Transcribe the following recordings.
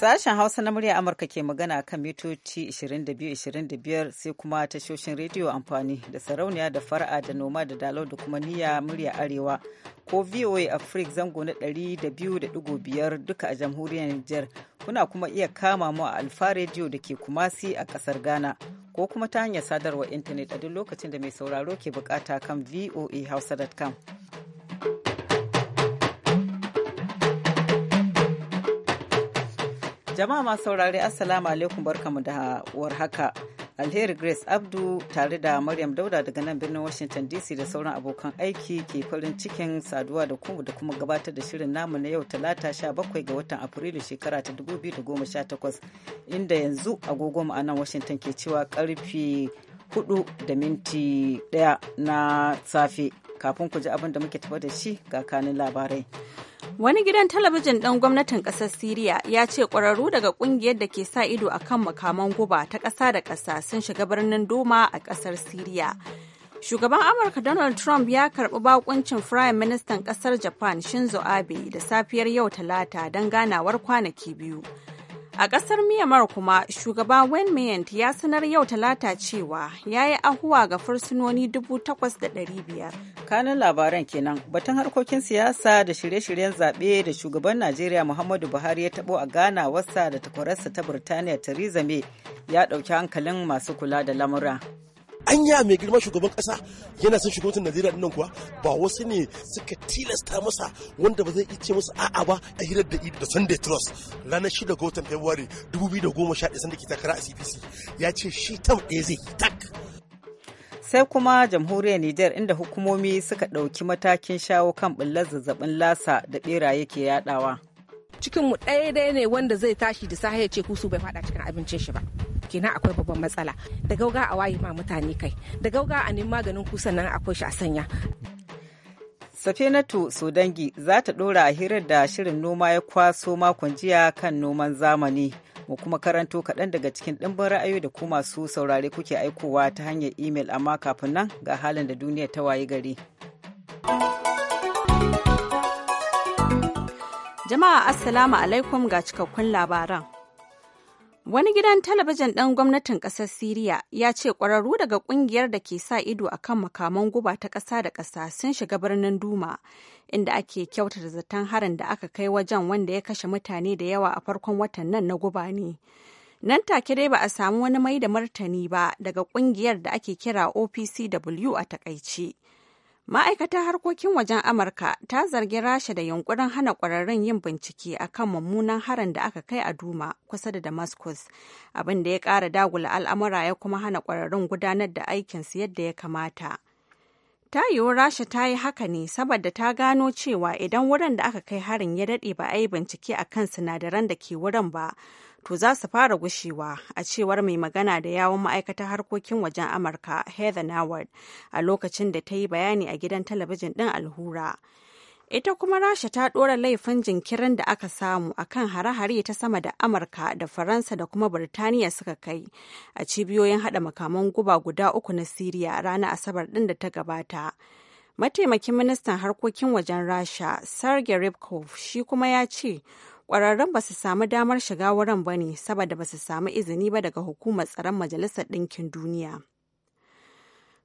Sashen Hausa na murya Amurka ke magana kan mitoci 22-25 sai kuma tashoshin rediyo amfani da sarauniya da fara'a da noma da dalo da kuma niyya murya arewa ko VOA Africa zango na 200.5 duka a jamhuriyar Nijar kuna kuma iya kama mu a alfa rediyo da ke kumasi a kasar Ghana ko kuma ta hanyar sadarwar intanet a duk lokacin da mai sauraro ke bukata kan voahausa.com. Jama'a masu saurare Assalamu alaikum barkamu da haka Alheri Grace Abdu tare da Maryam Dauda daga nan birnin Washington DC da sauran abokan aiki ke farin cikin saduwa da kuma da kuma gabatar da shirin namu na yau talata sha bakwai ga watan Afrilu shekara ta 2018 inda yanzu agogo mu a Washington ke cewa karfe 4 da minti 1 na safe kafin ku ji abin da muke tafa da shi ga kanin labarai. Wani gidan talabijin ɗan gwamnatin ƙasar Siriya ya ce ƙwararru daga ƙungiyar da ke sa ido a kan makaman guba ta ƙasa da ƙasa sun shiga birnin Doma a ƙasar Siriya. Shugaban Amurka Donald Trump ya karɓi bakuncin Firayim Ministan ƙasar Japan Shinzo Abe da safiyar yau Talata don ganawar kwanaki biyu. A ƙasar Myanmar kuma shugaba Wen Myint ya sanar yau talata cewa ya yi ahuwa ga fursunoni 8,500. Kanan labaran kenan batun harkokin siyasa da shirye-shiryen zaɓe da shugaban Najeriya Muhammadu Buhari ya taɓo a Ghana wasa da takwararsa ta Birtaniya Theresa May ya ɗauki hankalin masu kula da lamura. An anya mai girma shugaban kasa yana son shugabancin najeriya dinnan kuwa ba wasu ne suka tilasta masa wanda ba zai ce musu a'a ba a hirar da da sunday trust ranar shida ga watan february 2011 sanda ke takara a cpc ya ce shi tam ɗaya zai yi tak sai kuma jamhuriyar Nijar inda hukumomi suka ɗauki matakin shawo kan ɓullar zazzabin lasa da ɓeraye ke yadawa. cikin mu ɗaya ɗaya ne wanda zai tashi da safe ya ce su bai faɗa cikin abincin shi ba kenan akwai babban matsala da gauga a waye ma mutane kai da gauga a nemi maganin ku sannan akwai shi a sanya Safinatu Sodangi za ta ɗora a hirar da shirin noma ya kwaso makon jiya kan noman zamani. Mu kuma karanto kaɗan daga cikin ɗimbin ra'ayoyi da kuma su saurare kuke aikowa ta hanyar imel amma kafin nan ga halin da duniya ta wayi gari. Jama'a Assalamu alaikum ga cikakkun labaran. Wani gidan talabijin ɗan gwamnatin ƙasar Siriya ya ce ƙwararru daga ƙungiyar da ke sa ido a kan makaman guba ta ƙasa da ƙasa sun shiga birnin Duma, inda ake kyautata zaton harin da aka kai wajen wanda ya kashe mutane da yawa a farkon watan nan na guba ne. Nan take dai ba a samu wani mai da martani ba daga ƙungiyar da ake kira OPCW a takaice. Ma'aikatar harkokin wajen Amurka ta zargi Rasha da yunkurin hana ƙwararrun yin bincike a kan mummunan harin da aka kai a Duma kusa da Damascus, abin da ya ƙara dagula al'amura ya kuma hana ƙwararrun gudanar da aikinsu yadda ya kamata. Ta yiwu Rasha ta yi haka ne saboda ta gano cewa idan wurin da aka kai harin ya daɗe ba a yi bincike a kan sinadaran da ke wurin ba, to za su fara gushewa a cewar mai magana da yawon ma'aikatar harkokin wajen amurka heather naward a lokacin da ta yi bayani a gidan talabijin ɗin alhura ita kuma rasha ta ɗora laifin jinkirin da aka samu akan hare-hare ta sama da amurka da faransa da kuma birtaniya suka kai a cibiyoyin haɗa makaman guba guda uku na siriya ranar asabar ɗin da ta gabata mataimakin ministan harkokin wajen rasha sergei ribkov shi kuma ya ce Ƙwararrun ba su samu damar shiga wurin ba ne saboda ba su samu izini ba daga hukumar tsaron Majalisar Ɗinkin Duniya.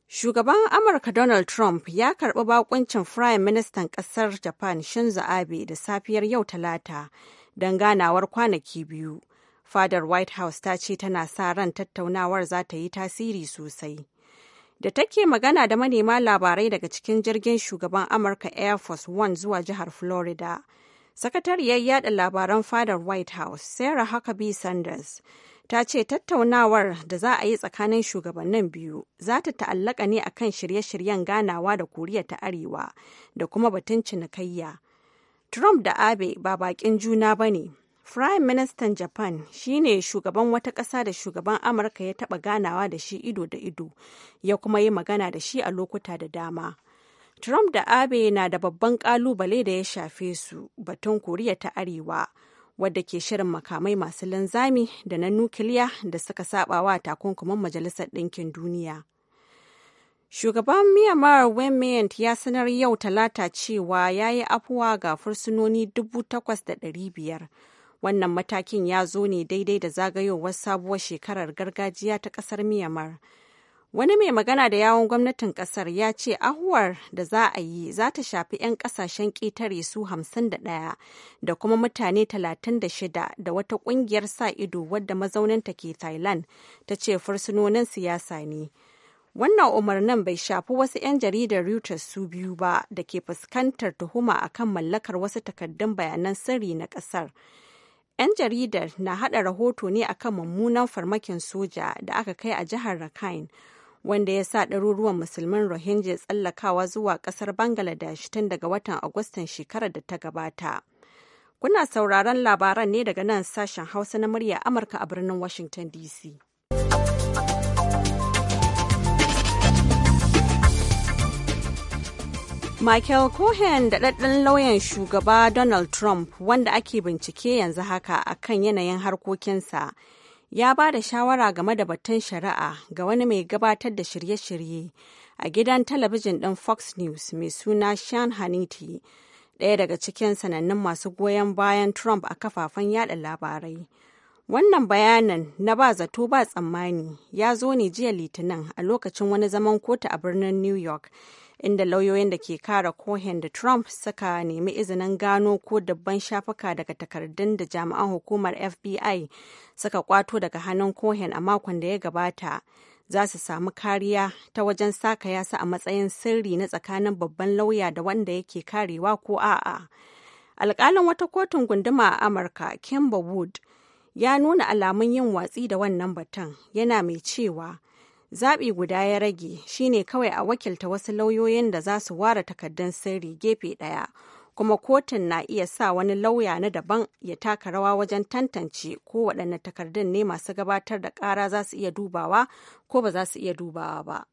Shugaban Amurka Donald Trump ya karɓi bakuncin Firayim Ministan ƙasar Japan Shinzo Abe da safiyar yau Talata don ganawar kwanaki biyu. Fadar White House ta ce tana sa ran tattaunawar za ta yi tasiri sosai. Da take magana da manema labarai daga cikin jirgin shugaban Amurka Air Force One zuwa jihar Florida, Sakatariyar yada labaran fadar White House, Sarah Huckabee Sanders, ta ce tattaunawar da za a yi tsakanin shugabannin biyu za ta ta'allaka ne akan shirye-shiryen ganawa da Koriya ta Arewa da kuma batun cinikayya. Trump da Abe ba bakin juna ba ne. Prime Minister Japan shine shugaban wata ƙasa da shugaban Amurka ya taɓa ganawa da shi ido da ido, ya kuma yi magana da shi a lokuta da dama. Trump da Abe na da babban ƙalubale da ya shafe su batun Koriya ta Arewa, wadda ke shirin makamai masu linzami da na nukiliya da suka sabawa takunkumin Majalisar Ɗinkin Duniya. Shugaban Myanmar Win ya sanar yau talata cewa ya yi afuwa ga fursunoni 8,500. Wannan matakin ya zo ne daidai da zagayowar sabuwar shekarar gargajiya ta ƙasar Myanmar. Wani mai magana da yawon gwamnatin kasar ya ce ahuwar da za a yi za ta shafi 'yan kasashen ƙetare su 51 da kuma mutane 36 da wata ƙungiyar sa ido wadda mazauninta ke Thailand ta ce fursunonin siyasa ne. Wannan umarnin bai shafi wasu 'yan jaridar Reuters su biyu ba da ke fuskantar tuhuma akan mallakar wasu takardun bayanan sirri na kasar 'yan jaridar na hada rahoto ne akan mummunan farmakin soja da aka kai a jihar Rakhine wanda ya sa ɗaruruwan musulmin Rohingya tsallakawa zuwa ƙasar Bangladesh tun daga watan Agustan shekarar da ta gabata. Kuna sauraron labaran ne daga nan sashen Hausa na murya Amurka a birnin Washington DC. Michael Cohen da ɗaɗɗan lauyan shugaba Donald Trump wanda ake bincike yanzu haka akan yanayin harkokinsa ya ba da shawara game da batun shari'a ga wani mai gabatar da shirye-shirye a gidan talabijin ɗin Fox News mai suna Sean Hannity, ɗaya daga cikin sanannun masu goyon bayan Trump a kafafen yada labarai. Wannan bayanin na ba zato ba tsammani ya zo ne jiya Litinin a lokacin wani zaman kotu a birnin New York inda lauyoyin da ke kara Cohen da Trump suka nemi izinin gano ko dabban shafuka daga takardun da jami'an hukumar FBI suka kwato daga hannun Cohen a makon da ya gabata. Za su samu kariya ta wajen saka yasa a matsayin sirri na tsakanin babban lauya da wanda yake karewa ko a'a. alkalin wata kotun gunduma a Amurka, Kimber Wood, ya nuna alamun yin watsi da wannan batun yana mai cewa zaɓi guda ya rage shine kawai a wakilta wasu lauyoyin da za su ware takardun sirri gefe ɗaya kuma kotun na iya sa wani lauya na daban ya taka rawa wajen tantance ko waɗanne takardun ne masu gabatar da ƙara za su iya dubawa ko ba za su iya dubawa ba.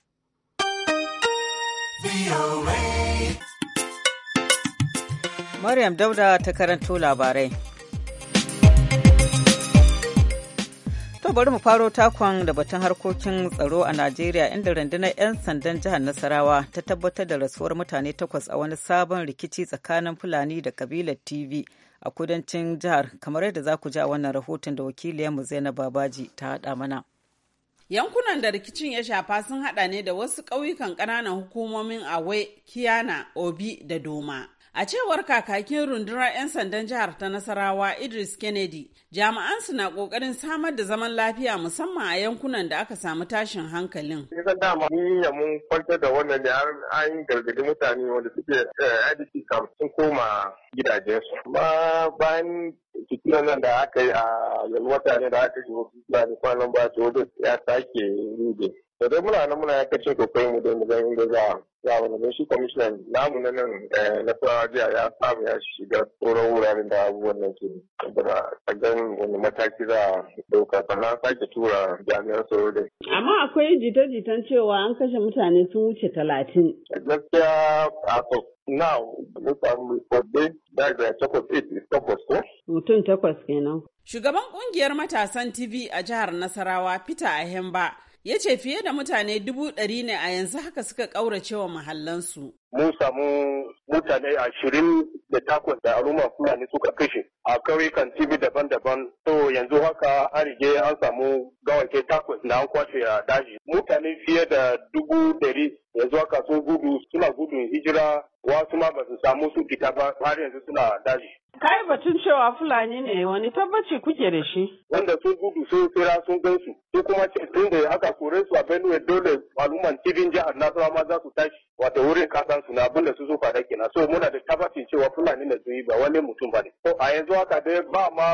Maryam Dauda ta karanto labarai. To bari mu faro takon da batun harkokin tsaro a Najeriya inda rundunar 'yan sandan jihar Nasarawa ta tabbatar da rasuwar mutane takwas a wani sabon rikici tsakanin Fulani da kabilar TV a kudancin jihar kamar yadda za ku ji a wannan rahoton da mu Zainab Babaji ta haɗa mana. Yankunan da rikicin ya shafa sun haɗa ne da wasu ƙauyukan ƙananan hukumomin Awe, Kiyana, Obi da Doma. A cewar kakakin rundunar 'yan sandan jihar ta Nasarawa Idris Kennedy, su na kokarin samar da zaman lafiya musamman a yankunan da aka samu tashin hankalin. Nisan dama ni ya mun kwantar da wannan da an gargadi mutane wanda suke eh, IDP kam sun koma gidajensu. Amma bayan fitinan nan da aka yi a wata ne da aka yi wa da kwanan ba wajen ya sake rube. da muna nan muna yaka ce kokai mu da mu zan inda za ya wani don shi kwamishinan namu na nan eh, na fara jiya ya samu ya shiga tsoron wuraren da abubuwan nan ke da a gan wani mataki za a ɗauka sannan sake tura jami'an tsaro da. amma akwai jita-jitan cewa an kashe mutane sun wuce talatin. gaskiya a now mun samu da ga takwas takwas ko. mutum takwas kenan. Shugaban kungiyar matasan TV a jihar Nasarawa Peter Ahemba ya ce fiye da mutane dubu ɗari ne a yanzu haka suka ƙaurace wa mahallansu. Mun samu mutane ashirin da takwas da al'umma Fulani suka kashe a kan TV daban-daban. To yanzu haka an rige an samu gawake takwas na an kwashe a daji. Mutane fiye da dubu ɗari yanzu haka sun gudu suna gudun hijira wasu ma ba su samu su fita ba har yanzu suna daji. Kai batun cewa Fulani ne wani tabbaci kuke da shi. Wanda sun gudu sun tsira sun gan su su kuma ce tun da aka kore su a Benue dole al'umman cibin jihar Nasarawa ma za su tashi wato wurin kasan su na abin da su zo fada kenan so muna da tabbacin cewa Fulani ne su ba wani mutum ba ne. Ko a yanzu haka dai ba ma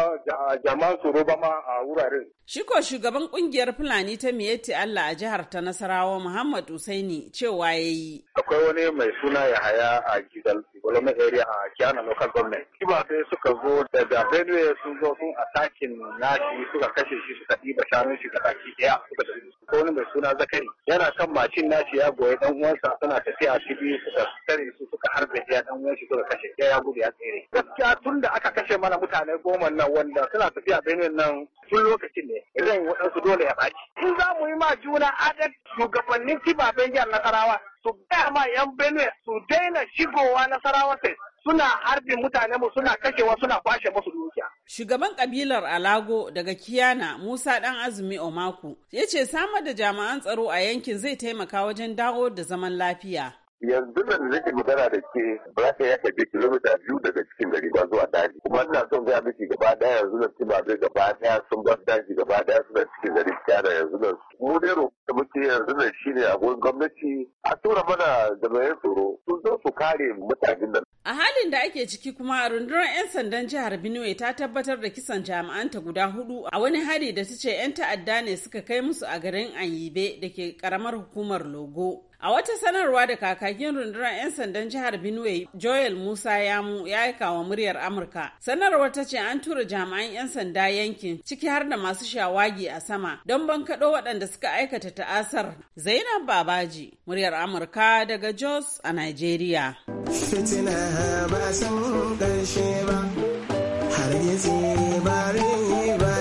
jama'an tsoro ba ma a wuraren. Shiko shugaban kungiyar Fulani ta Miyetti Allah a jihar ta Nasarawa Muhammad Usaini cewa ya yi. Akwai wani mai suna Yahaya a Gigal development area a Kiana local government. Kiba sai suka zo daga Benue sun zo sun takin nashi suka kashe shi suka ɗiba shanun shi baki ɗaya suka tafi ko wani mai suna Zakari yana kan mashin nashi ya goyi dan uwansa suna tafiya a cibi suka tare su suka harbe ya dan uwan shi suka kashe ɗaya ya gudu ya tsere. Gaskiya tun da aka kashe mana mutane goma nan wanda suna tafiya Benue nan tun lokacin ne zan waɗansu dole ya ɓaci. In za mu yi ma juna adal shugabannin kibaben jihar Nasarawa su gaya ma yan benue su daina shigowa nasarawa state suna harbin mutane mu suna kashewa suna kwashe musu dukiya. Shugaban kabilar Alago daga Kiyana Musa Dan Azumi Omaku ya ce samar da jami'an tsaro a yankin zai taimaka wajen dawo da zaman lafiya. yanzu da nake magana da ke ba ka ya kaje kilomita biyu daga cikin gari ba zuwa daji kuma ina son gaya miki gaba daya yanzu da cima zai gaba daya sun bar daji gaba daya suna cikin gari kana yanzu da mu ne da muke yanzu da shine a gurin gwamnati a tura mana da mai tsoro sun zo su kare mutanen nan a halin da ake ciki kuma rundunar 'yan sandan jihar benue ta tabbatar da kisan jami'anta guda hudu a wani hari da ta ce 'yan ta'adda ne suka kai musu a garin anyibe da ke karamar hukumar logo A wata sanarwa da kakakin rundunar 'yan sandan jihar Benue Joel Musa Yamu ya aika wa muryar Amurka. Sanarwar ta ce an tura jami'an 'yan sanda yankin ciki har da masu shawagi a sama don bankaɗo waɗanda suka aikata ta'asar. Zainab Babaji, muryar Amurka daga Jos a Nigeria. ba.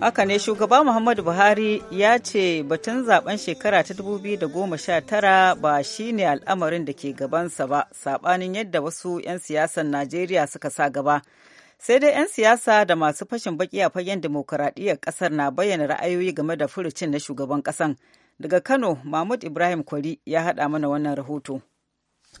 haka ne shugaba muhammadu buhari ya ce batun zaben shekara ta 2019 ba shine al'amarin da ke gabansa ba saɓanin yadda wasu 'yan siyasan najeriya suka sa gaba sai dai 'yan siyasa da masu fashin baki a fagen demokuraɗiyyar ƙasar na bayyana ra'ayoyi game da furucin na shugaban ƙasan daga kano mahmud ibrahim kwari ya haɗa mana wannan rahoto.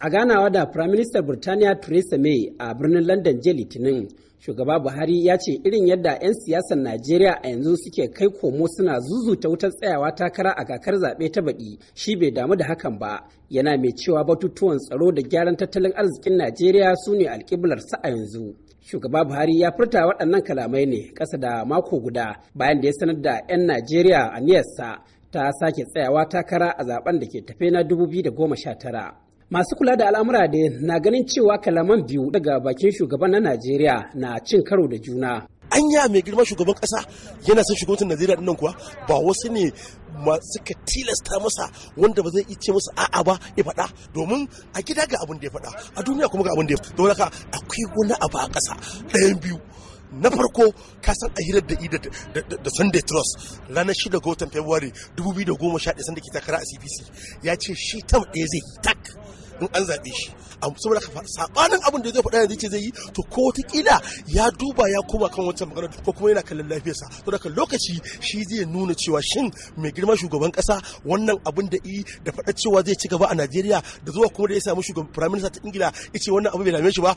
A ganawa da Firaministan Birtaniya Theresa May a birnin London jiya Litinin, shugaba Buhari ya ce irin yadda 'yan siyasar Najeriya a yanzu suke kai komo suna zuzuta wutar tsayawa takara a kakar zaɓe ta baɗi shi bai damu da hakan ba. Yana mai cewa batutuwan tsaro da gyaran tattalin arzikin Najeriya su ne alƙiblarsa a yanzu. Shugaba Buhari ya furta waɗannan kalamai ne ƙasa da mako guda bayan da ya sanar da 'yan Najeriya a niyarsa ta sake tsayawa takara a zaben da ke tafe na dubu biyu da goma sha tara. Masu kula da al'amura da na ganin cewa kalaman biyu daga bakin shugaban na Najeriya na cin karo da juna. Anya mai girma shugaban kasa yana son shugabancin Najeriya dinnan kuwa ba wasu ne masu ka tilasta masa wanda ba zai iya ce masa a'a ba ya faɗa domin a gida ga abin da ya faɗa a duniya kuma ga abin da ya faɗa haka akwai wani abu a ƙasa ɗayan biyu na farko ka san a hirar da ida da sunday trust ranar 6 ga watan february 2011 sanda ke takara a cbc ya ce shi tam ɗaya zai tak in an zaɓe shi saboda ka abin da zai faɗa yanzu ce zai yi to ko watakila ya duba ya koma kan wancan magana ko kuma yana kallon lafiyarsa to daga lokaci shi zai nuna cewa shin mai girma shugaban ƙasa wannan abin da yi da faɗa cewa zai ci gaba a Najeriya da zuwa kuma da ya samu shugaban prime minister ta Ingila ya ce wannan abu bai dame shi ba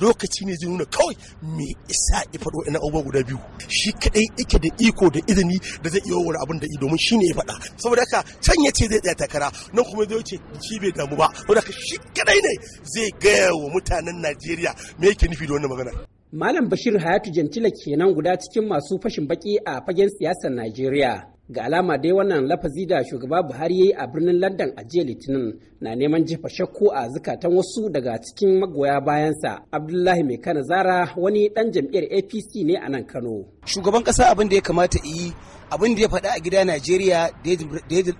lokaci ne zai nuna kawai me isa ya faɗo ina abubuwa guda biyu shi kaɗai yake da iko da izini da zai iya wani abin da yi domin shi ne ya faɗa saboda haka can ya ce zai tsaya takara nan kuma zai ce shi bai damu ba saboda haka shi kadai ne zai gaya wa mutanen najeriya me yake nufi da wannan magana malam bashir hayatu jantila kenan guda cikin masu fashin baki a fagen siyasar najeriya ga alama dai wannan lafazi da shugaba buhari ya yi a birnin london a jiya litinin na neman jefa shakku a zukatan wasu daga cikin magoya bayansa abdullahi mai kana zara wani ɗan jam'iyyar apc ne a nan kano shugaban ƙasa abin da ya kamata yi abin da ya faɗa a gida najeriya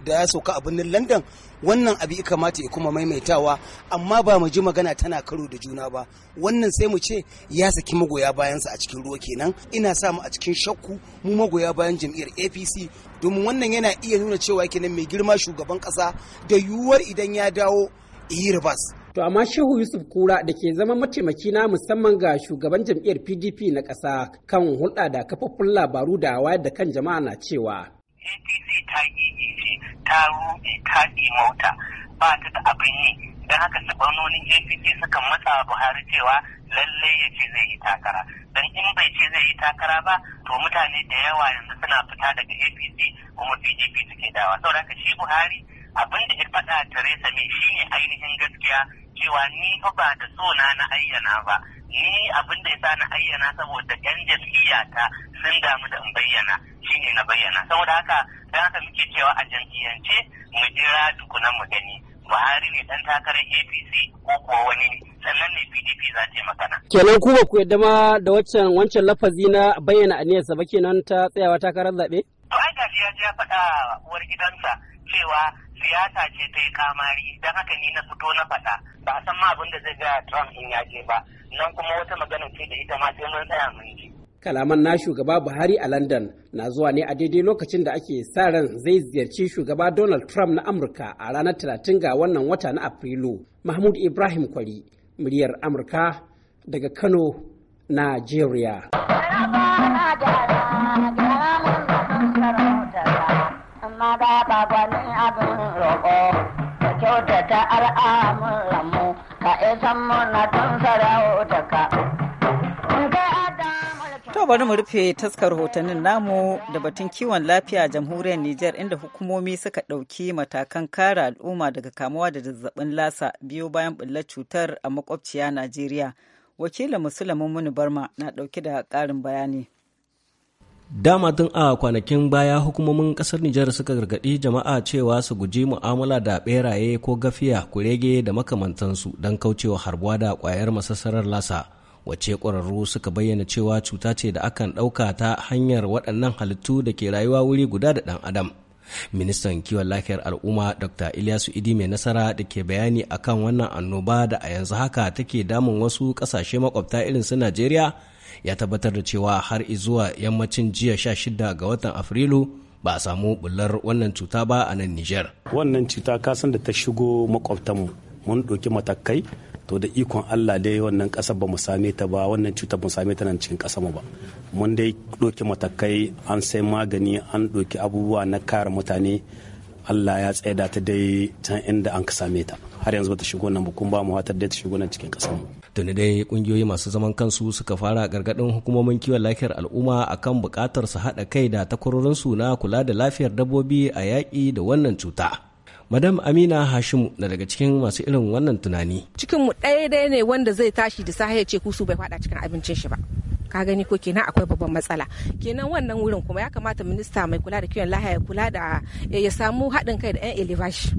da ya sauka a birnin london wannan abu ya kamata ya kuma maimaitawa amma ba mu ji magana tana karo da juna ba wannan sai mu ce ya saki magoya bayansa a cikin ruwa kenan ina sa mu a cikin shakku mu magoya bayan jam'iyyar apc domin wannan yana iya nuna cewa kenan mai girma shugaban ƙasa da yiwuwar idan ya dawo yi reverse To amma Shehu Yusuf Kura da ke zama mataimaki na musamman ga shugaban jam'iyyar PDP na ƙasa kan hulɗa da kafofin labaru da wayar da kan jama'a na cewa. APC ta ta ruɗe, ta mota, ba ta da abin yi. Don haka sabanonin APC suka matsa Buhari cewa lallai ya ce zai yi takara. Don in bai ce zai yi takara ba, to mutane da yawa yanzu suna fita daga APC kuma PDP suke dawa. Saboda haka shi Buhari abin da ya faɗa Theresa May ne ainihin gaskiya cewa ni fa ba da so na ayyana ba ni abin da ya sa na ayyana saboda yan jam'iyyata sun damu da in bayyana shi ne na bayyana saboda haka don haka muke cewa a jam'iyyance mu jira tukunan mu gani Buhari ne ɗan takarar APC ko kuwa wani ne sannan ne PDP za ta yi magana. Kenan ku ba ku yadda ma da waccan wancan lafazi na bayyana aniyarsa ba kenan ta tsayawa takarar zaɓe? To ai gashi ya faɗa uwar gidansa cewa siyasa ce ta yi kamari don haka ni na fito na faɗa ba a san ma abin da zai ga Trump in yake ba nan kuma wata magana ce da ita ma sai mun tsaya mun ji. Kalaman na shugaba Buhari a London na zuwa ne a daidai lokacin da ake sa ran zai ziyarci shugaba Donald Trump na Amurka a ranar 30 ga wannan wata na Afrilu. Mahmud Ibrahim Kwari, muryar Amurka daga Kano, Najeriya. ba ba gwani abin roƙo ka kyautata al'amuranmu ka isan muna tun sarautaka. To bari mu rufe taskar hotonin namu da batun kiwon lafiya a jamhuriyar Nijar inda hukumomi suka ɗauki matakan kare al'umma daga kamuwa da zazzabin lasa biyo bayan ɓullar cutar a makwabciya Najeriya. Wakilin Musulmin Muni Barma na ɗauki da ƙarin bayani. Dama tun a kwanakin baya hukumomin kasar Nijar suka gargaɗi jama'a cewa su guji mu'amala da beraye ko gafiya kurege da makamantansu don kaucewa harbuwa da kwayar masassarar lasa. Wace ƙwararru suka bayyana cewa cuta ce da akan ɗauka ta hanyar waɗannan halittu da ke rayuwa wuri guda da ɗan adam. Ministan kiwon lafiyar al'umma Dr. Ilyasu Idi mai nasara da ke bayani akan wannan annoba da a yanzu haka take damun wasu ƙasashe makwabta irin su Najeriya ya tabbatar da cewa har zuwa yammacin jiya 16 ga watan afrilu ba a samu bullar wannan cuta ba a nan niger wannan cuta kasan da ta shigo makwabtanmu mun ɗauki matakai to da ikon Allah dai wannan kasar ba mu same ta ba wannan cutar mu same ta nan cikin kasar ba mun dai ɗauki matakai an sai magani an ɗauki abubuwa na kare mutane Allah ya tsaida ta dai can inda an ka same ta har yanzu ba ta shigo nan ba kun ba mu hatar dai ta shigo nan cikin kasar mu tuni dai kungiyoyi masu zaman kansu suka fara gargadin hukumomin kiwon lafiyar al'umma akan bukatar su haɗa kai da takwarorinsu na kula da lafiyar dabbobi a yaƙi da wannan cuta madam amina hashimu na daga cikin masu irin wannan tunani cikin mu ɗaya ɗaya ne wanda zai tashi da sahaya ya ce kusu bai faɗa cikin abincin shi ba ka gani ko kenan akwai babban matsala kenan wannan wurin kuma ya kamata minista mai kula da kiwon lafiya ya kula da ya samu haɗin kai da 'yan elevashi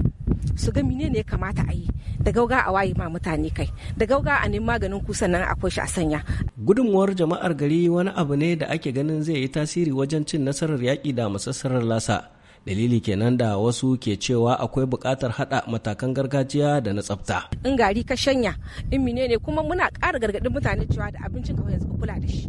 su ga mine ne ya kamata a yi da gauga a waye ma mutane kai da gauga a nemi maganin kusa nan akwai shi a sanya. gudunmuwar jama'ar gari wani abu ne da ake ganin zai yi tasiri wajen cin nasarar yaƙi da masassarar lasa dalili kenan da wasu ke cewa akwai buƙatar haɗa matakan gargajiya da na tsafta. in gari ka shanya in mine ne kuma muna ƙara gargaɗin mutane cewa da abincin kawai yanzu kula da shi.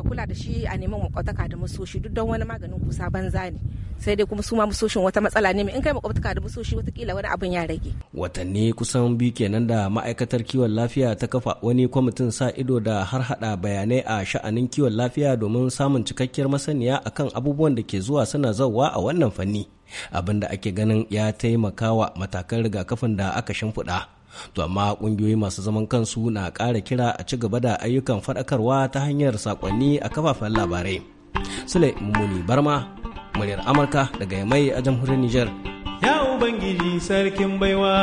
ka kula da shi a neman makwataka da masoshi duk don wani maganin kusa banza ne sai dai kuma suma masoshin wata matsala ne in kai makwabtaka da musoshi watakila wani abin ya rage. Watanni kusan biyu kenan da ma'aikatar kiwon lafiya ta kafa wani kwamitin sa ido da har hada bayanai a sha'anin kiwon lafiya domin samun cikakkiyar masaniya akan abubuwan da ke zuwa suna zauwa a wannan fanni. Abin da ake ganin ya taimakawa matakan rigakafin da aka shimfiɗa. to amma kungiyoyi masu zaman kansu na ƙara kira a ci gaba da ayyukan faɗakarwa ta hanyar sakonni a kafafen labarai sule mummuni barma muryar amurka daga yamai a jamhuriyar niger ya ubangiji sarkin baiwa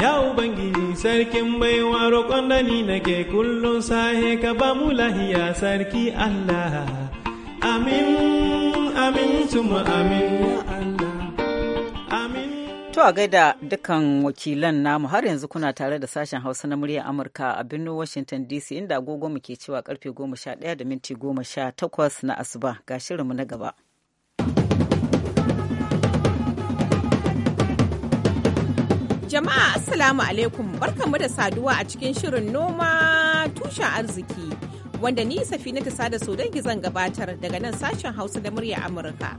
ya ubangiji sarkin baiwa roƙon da ni nake kullum sahe ka ba mu lahiya sarki allah amin amin tuma amin To a gaida dukkan wakilan namu har yanzu kuna tare da sashen Hausa na murya Amurka a birnin Washington DC inda agogo mu ke cewa karfe 11 da minti 18 na asuba ga shirinmu na gaba. Jama'a Assalamu alaikum barkanmu da saduwa a cikin shirin noma tushen arziki wanda ni Safinatu Sada Sodangi zan gabatar daga nan sashen Hausa da murya Amurka.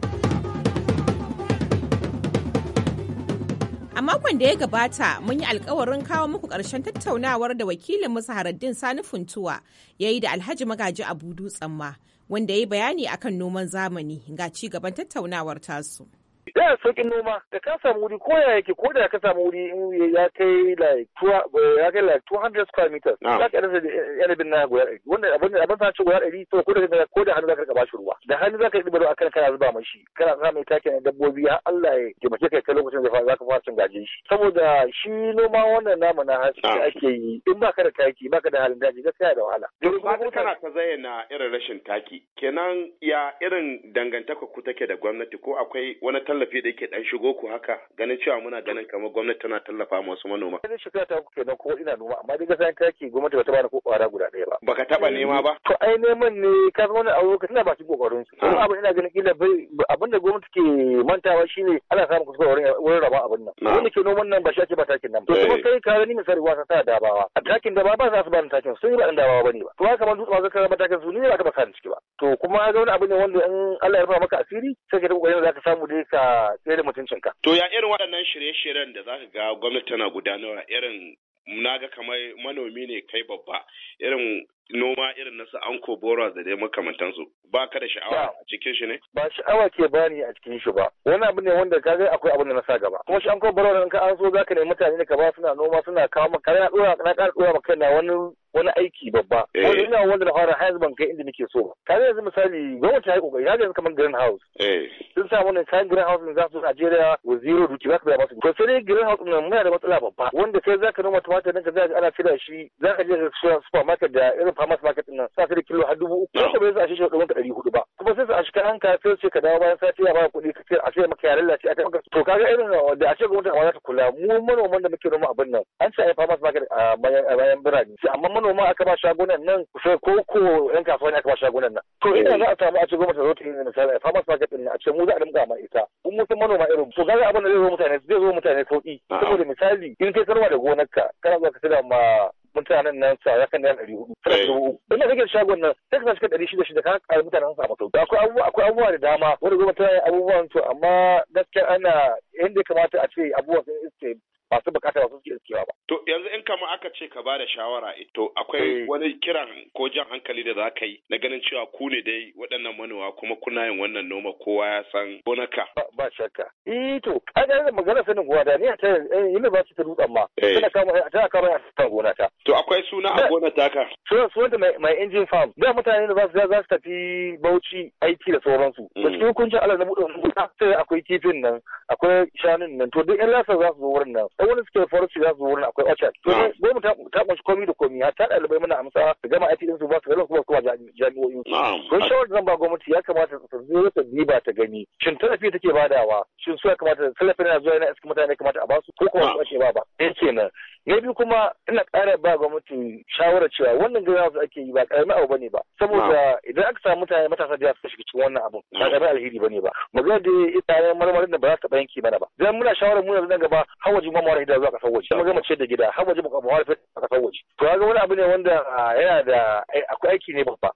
A makon da ya gabata mun yi alkawarin kawo muku ƙarshen tattaunawar da wakilin musa Haraddin Sani Funtuwa ya yi da Alhaji Magaji Abu Dutsen wanda ya yi bayani akan noman zamani ga ci gaban tattaunawar tasu. ya sauƙin noma da ka samu wuri ko ya yake ko da ka samu wuri in ya kai like ya kai like 200 square meters za ka rasa yanabin na guda ɗari wanda abin abin sa ci guda ɗari to ko da ko da hannu za ka rika bashi ruwa da hannu za ka ɗiba ruwa akan kana zuba mashi kana sa mai takin dabbobi ya Allah ya taimake ka kai lokacin da za ka fara cin gaje shi saboda shi noma wannan namu na hatsi da ake yi in ba ka da taki ba ka da halin daji gaskiya da wahala. Yanzu kana ta zayyana irin rashin taki kenan ya irin dangantaka ku take da gwamnati ko akwai wani tallafi da yake dan shigo ku haka ganin cewa muna ganin kamar gwamnati tana tallafa ma wasu manoma. Ina shekara ta ku kenan ko ina noma amma dai gaskiya kaki gwamnati ba ta bani ko kwara guda ɗaya ba. Baka taba eh, nema ba? To ai neman ne ka zama wani ah. abu tana ba shi kokarin su. Ina abin ina ganin kila bai abinda gwamnati ke mantawa shine ana samun kusa wurin wurin raba abin nan. Ah. da ke noman nan ba shi ake ba takin nan. To kuma eh. kai ka gani misali wasa ta dabawa. A takin dabawa ba za su bani takin sun yi ba dan dabawa bane ba. To haka man dutse ba zaka raba takin su ne ba ka ba ciki ba. To kuma ga wani abu ne wanda in Allah ya rufa maka asiri sai ka ta kokarin da ka samu dai ka sai da mutuncinka. To ya irin waɗannan shirye-shiryen da zaka ga gwamnati tana gudanarwa irin na ga kamar manomi ne kai babba irin noma irin na su anko boras da dai makamantansu ba ka da sha'awa a cikin shi ne ba sha'awa ke bani a cikin shi ba wani abu ne wanda ka ga akwai abin da na sa gaba kuma shi anko boras da ka an so zaka nemi mutane da ka ba suna noma suna kawo maka na dora na ƙara dora maka na wani wani aiki babba eh. wani ina wanda na fara hayar ban kai inda nake so ba ka yanzu misali ga ta yi kokari kaga yanzu kamar green house eh. sun sa wannan kayan green house ne za su Najeriya wa zero duki za ka ba su ko sai green house ne muna da matsala babba wanda kai za ka noma tumatir ɗinka ka ka ana cire shi za ka je ga supermarket da irin farmers market din nan sa ka da kilo har dubu uku ko bai sa shi shi ka ɗari hudu ba kuma sai su a shika hanka sai ce ka dawo bayan sai ya ba kuɗi ka sai a sai maka ya lallace a maka to kaga irin uh, da a ce gwamnati a ta kula mu manoman da muke noma abin nan an ce a farmers market a bayan bayan birane sai amma manoma aka ba shagunan nan sai ko ko yan kasuwa ne aka ba shagunan nan to ina za a samu a ce gwamnati zo ta yi misali a farmers market din a ce mu za a dinga ma ita kun mutum manoma irin to kaga abin da zai zo mutane zai zo mutane sauki saboda misali in kai karwa da gonarka kana zuwa ka sida ma mutanen nan sa ya kan naira ɗari hudu. Eh. Ina kake shagon nan sai ka shiga ɗari shida shida ka ƙara mutanen sa mutum. Akwai abubuwa akwai abubuwa da dama wanda gwamnati ta yi abubuwan to amma gaskiya ana yadda ya kamata a ce abubuwan sun iske masu bukata ba su suke iskewa ba. To yanzu in kama aka ce ka bada shawara eh, to akwai eh. wani kiran ko jan hankali da za ka yi na ganin cewa ku ne dai waɗannan manowa kuma kuna yin wannan noma kowa ya san gonaka. Ba shakka. Eh to a' ai da magana sanin gona da ni a ta ba eh, su ta dutsen ma. Tana kama tana kama a ta gona ta. To akwai suna a gona ta ka. Sunan sunan mai engine farm. Da mutane da za su tafi Bauchi aiki da sauransu. Da mm. cikin kuncin Allah na buɗe gona sai akwai kifin nan akwai shanun nan to duk 'yan lasa za su zo wurin nan. da wani suke faru su za su wurin akwai orchard to ah. mu ta kunshi komi da komi ta albai mana amsa su gama aiki din su ba su gama kuma kuma jami'o'i to shawar zan ba gwamnati ya kamata ta zo ta diba ta gani shin tallafi take badawa shin su ya kamata tallafin yana zuwa yana iska mutane kamata a ba su? ko kuma su ba ba ɗaya nan na biyu kuma ina ƙara ba gwamnati shawara cewa wannan gari da ake yi ba ƙaramin abu bane ba saboda idan aka samu mutane matasa da suka shiga cikin wannan abun ba ƙaramin alheri bane ba magana da ita marmarin da ba za ta yanke mana ba idan muna shawara mu yanzu nan gaba har waje ma mawar gida zuwa kasar waje kuma gama ce da gida har waje mu mawar a kasar waje to ga wani abu ne wanda yana da akwai aiki ne babba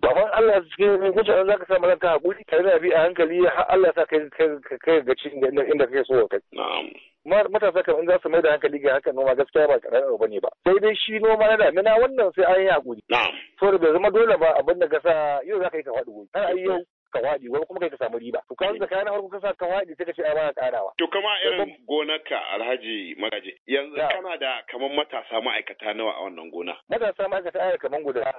ba fa Allah cikin hukuncin za ka sa malaka hakuri ka yi a hankali har Allah sa kai kai ga cikin inda kake so kai matasa in za su mai da hankali ga haka noma gaskiya ba karar ba ne ba sai dai shi noma na damina wannan sai an yi hakuri saboda bai zama dole ba abin da ka sa yau za ka yi ka faɗi gobe kana yau kawadi waɗi wani kuma kai ka samu riba to kan kayan na farko ka sa kawadi waɗi sai ka ce ai ba karawa to kama irin gonarka alhaji magaji yanzu kana da kaman matasa ma'aikata nawa a wannan gona matasa ma'aikata ai kaman guda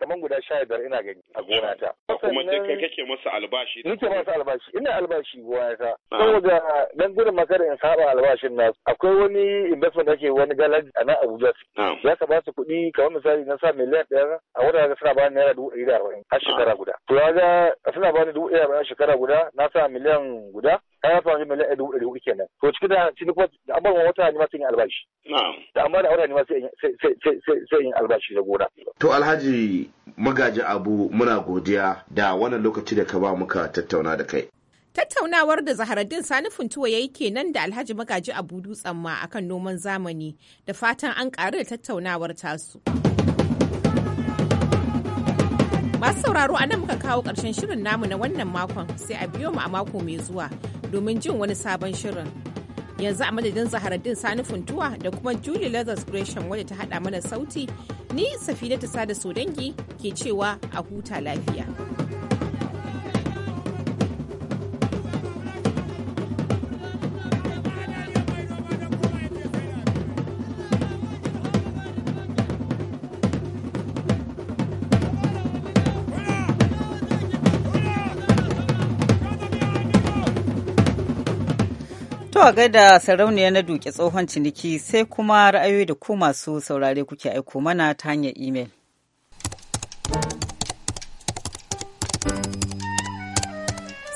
kaman guda 15 ina gani a gona ta kuma da kai kake masa albashi nake masa albashi ina albashi gona ta saboda dan gudun makarin in saba albashin nasu akwai wani investment ake wani galaji a nan Abuja ya ka ba su kuɗi kamar misali na sa miliyan ɗaya a wata suna ba naira dubu ɗari da arba'in shekara guda to ya ga suna ba ni dubu ɗaya bayan shekara guda na sa miliyan guda ka ya fara miliyan ɗaya dubu ɗari uku kenan to cikin da cikin da abban wata ne ma sun yi albashi da amma da aure ne ma sai yin albashi da gona. to alhaji magaji abu muna godiya da wannan lokaci da ka ba muka tattauna da kai. Tattaunawar da Zaharaddin Sani Funtuwa ya yi kenan da Alhaji Magaji Abu Dutsen ma akan noman zamani da fatan an ƙaru da tattaunawar tasu. Masu sauraro a nan muka kawo ƙarshen shirin namu na wannan makon sai a biyo mu a mako mai zuwa domin jin wani sabon shirin. Yanzu a madadin Zaharaddin Sani Funtuwa da kuma Julie Lazarus Gresham wadda ta haɗa mana sauti, ni Safina ta sada dangi ke cewa a huta lafiya. To gaida sarauniya na duke tsohon ciniki sai kuma ra'ayoyi da ku masu saurare kuke aiko mana ta hanyar imel.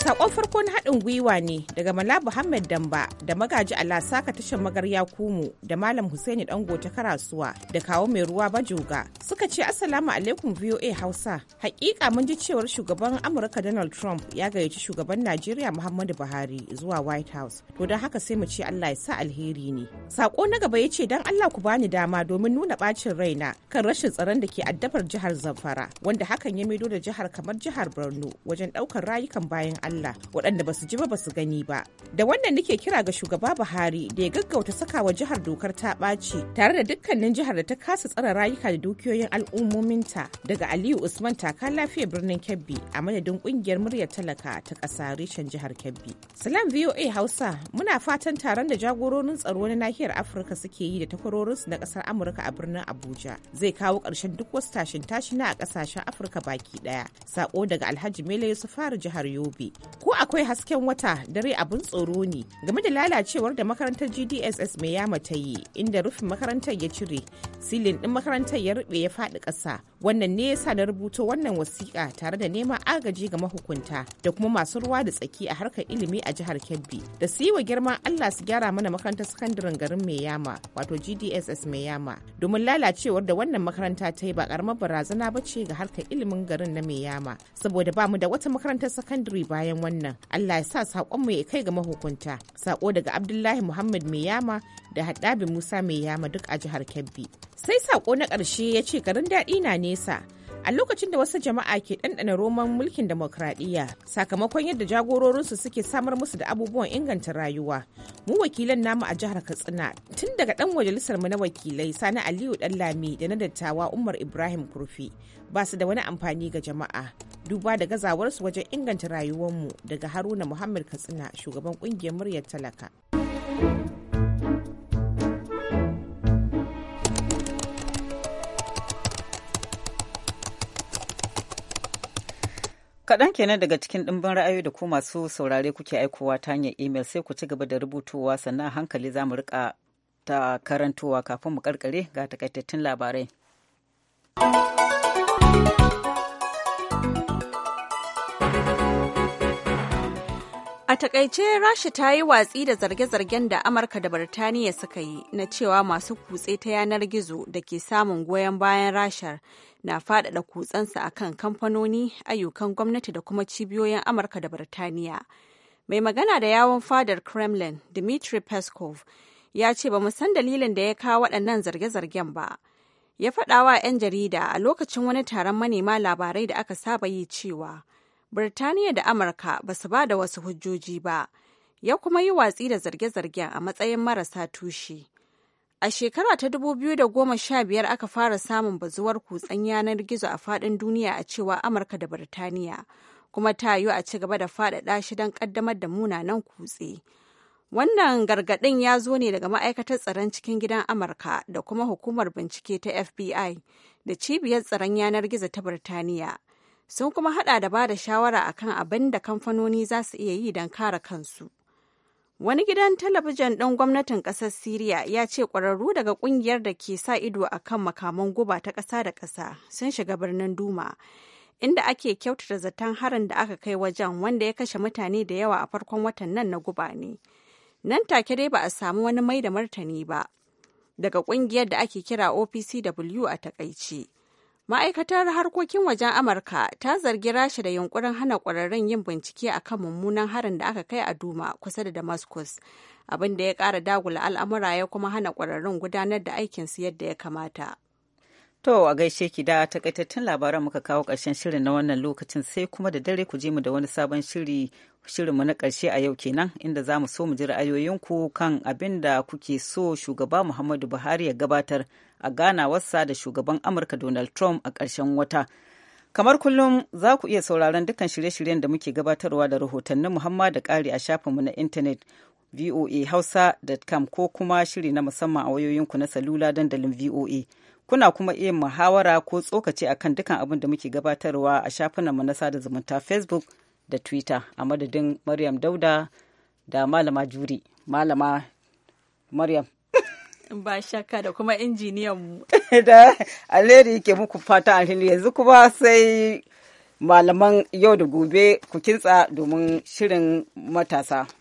Sakon farko na haɗin gwiwa ne daga Mala Muhammad Damba da magaji Alasaka tashar magarya Kumu da Malam hussaini Dango ta Karasuwa da kawo mai ruwa Bajoga suka ce Assalamu alaikum VOA Hausa. Hakika mun ji cewar shugaban Amurka Donald Trump ya gayyaci shugaban Najeriya Muhammadu Buhari zuwa White House. To don haka sai mu ce Allah ya sa alheri ne. Sako na gaba ya ce don Allah ku bani dama domin nuna bacin raina kan rashin tsaron da ke addabar jihar Zamfara wanda hakan ya maido da jihar kamar jihar Borno wajen ɗaukar rayukan bayan Allah. Allah waɗanda ba su ji ba ba su gani ba. Da wannan nake kira ga shugaba Buhari da ya gaggauta saka wa jihar dokar ta ɓaci tare da dukkanin jihar da ta kasa tsara rayuka da dukiyoyin al'ummominta daga Aliyu Usman taka lafiyar birnin Kebbi a madadin ƙungiyar muryar talaka ta ƙasa reshen jihar Kebbi. Salam VOA Hausa muna fatan taron da jagororin tsaro na nahiyar Afirka suke yi da takwarorinsu na ƙasar Amurka a birnin Abuja zai kawo ƙarshen duk wasu tashin tashina a ƙasashen Afirka baki ɗaya. Sako daga Alhaji Mele faru jihar Yobe. ko akwai hasken wata dare abin tsoro ne game da lalacewar da makarantar gdss mai yama ta yi inda rufin makarantar ya cire silin din makarantar ya rube ya faɗi ƙasa wannan ne yasa na rubuto wannan wasiƙa tare da neman agaji ga mahukunta da kuma masu ruwa da tsaki a harkar ilimi a jihar Kebbi da su yi wa girman Allah su gyara mana makarantar sakandaren garin Meyama wato GDSS Meyama domin lalacewar da wannan makaranta ta yi ba karamar barazana ba ce ga harkar ilimin garin na mayama saboda ba mu da wata makarantar sakandare bayan wannan Allah ya sa saƙonmu mu ya kai ga mahukunta sako daga Abdullahi Muhammad Meyama da Haddabin Musa mai yama duk a jihar Kebbi. Sai sako na ƙarshe ya ce garin daɗi na nesa. a lokacin da wasu jama'a ke ɗanɗana roman mulkin demokradiyya sakamakon yadda jagororinsu suke samar musu da abubuwan inganta rayuwa mu wakilan namu a jihar katsina tun daga ɗan majalisar mu na wakilai sani aliyu ɗanlami da na dattawa umar ibrahim kurfi ba su da wani amfani ga jama'a duba da gazawarsu wajen inganta rayuwarmu daga haruna muhammad katsina shugaban ƙungiyar muryar talaka Kaɗan kenan daga cikin ɗimbin ra'ayoyi da ku masu saurare kuke aikowa ta hanyar imel sai ku ci gaba da rubutuwa sannan hankali za mu rika ta karantowa kafin mu karkare ga takaitattun labarai. A takaice Rasha ta yi watsi da zarge-zargen da Amurka da Birtaniya suka yi na cewa masu kutse ta yanar gizo da ke samun goyon bayan Rashar na faɗaɗa kutsensa a kan kamfanoni, ayyukan gwamnati da kuma cibiyoyin Amurka da Birtaniya. Mai magana da yawon fadar Kremlin, Dmitry Peskov, ya ce ba san dalilin da ya kawo waɗannan zarge-zargen ba. Ya faɗawa 'yan jarida a lokacin wani taron manema labarai da aka saba yi cewa. Birtaniya da Amurka ba su ba da wasu hujjoji ba, ya kuma yi watsi da zarge-zargen a matsayin marasa tushe. A shekara ta 2015 aka fara samun bazuwar kutsen yanar gizo a faɗin duniya a cewa Amurka da Birtaniya, kuma ta yiwu a ci gaba da faɗaɗa shi don ƙaddamar da munanan kutse. Wannan gargaɗin ya zo ne daga ma'aikatar tsaron cikin gidan Amurka da kuma hukumar bincike ta FBI da cibiyar tsaron yanar gizo ta Birtaniya sun kuma hada da ba da shawara akan abin da kamfanoni za su iya yi don kare kansu. Wani gidan talabijin ɗan gwamnatin ƙasar Siriya ya ce ƙwararru daga ƙungiyar da ke sa ido a kan makaman guba ta ƙasa da ƙasa sun shiga birnin Duma, inda ake kyautata zaton harin da aka kai wajen wanda ya kashe mutane da yawa a farkon watan nan na guba ne. Nan take dai ba a samu wani mai da martani ba daga ƙungiyar da ake kira OPCW a takaice. Ma'aikatar harkokin wajen Amurka ta zargi Rasha da yunkurin hana ƙwararrun yin bincike a kan mummunan harin da aka kai a Duma kusa da Damascus, abin da ya kara dagula al'amura ya kuma hana ƙwararrun gudanar da aikinsu yadda ya kamata. To a gaishe ki da takaitattun labaran muka kawo karshen shirin na wannan lokacin sai kuma da dare ku je mu da wani sabon shiri mu na ƙarshe a yau kenan inda za mu so mu ji ra'ayoyinku kan abin da kuke so shugaba Muhammadu Buhari ya gabatar a ganawarsa da shugaban Amurka Donald Trump a ƙarshen wata. Kamar kullum za ku iya sauraron dukkan shirye-shiryen da muke gabatarwa da rahotannin Muhammad da ƙari a shafinmu na intanet voahausa.com ko kuma shiri na musamman a wayoyinku na salula dandalin VOA. Kuna kuma iya muhawara ko tsokaci kan dukkan abin da muke gabatarwa a shafinanmu na sada zumunta Facebook da Twitter a madadin Maryam Dauda da Malama Juri. Malama Maryam ba shakka da kuma injiniyan mu da alheri yake muku fata alheri yanzu kuma sai malaman yau da gobe ku kintsa domin shirin matasa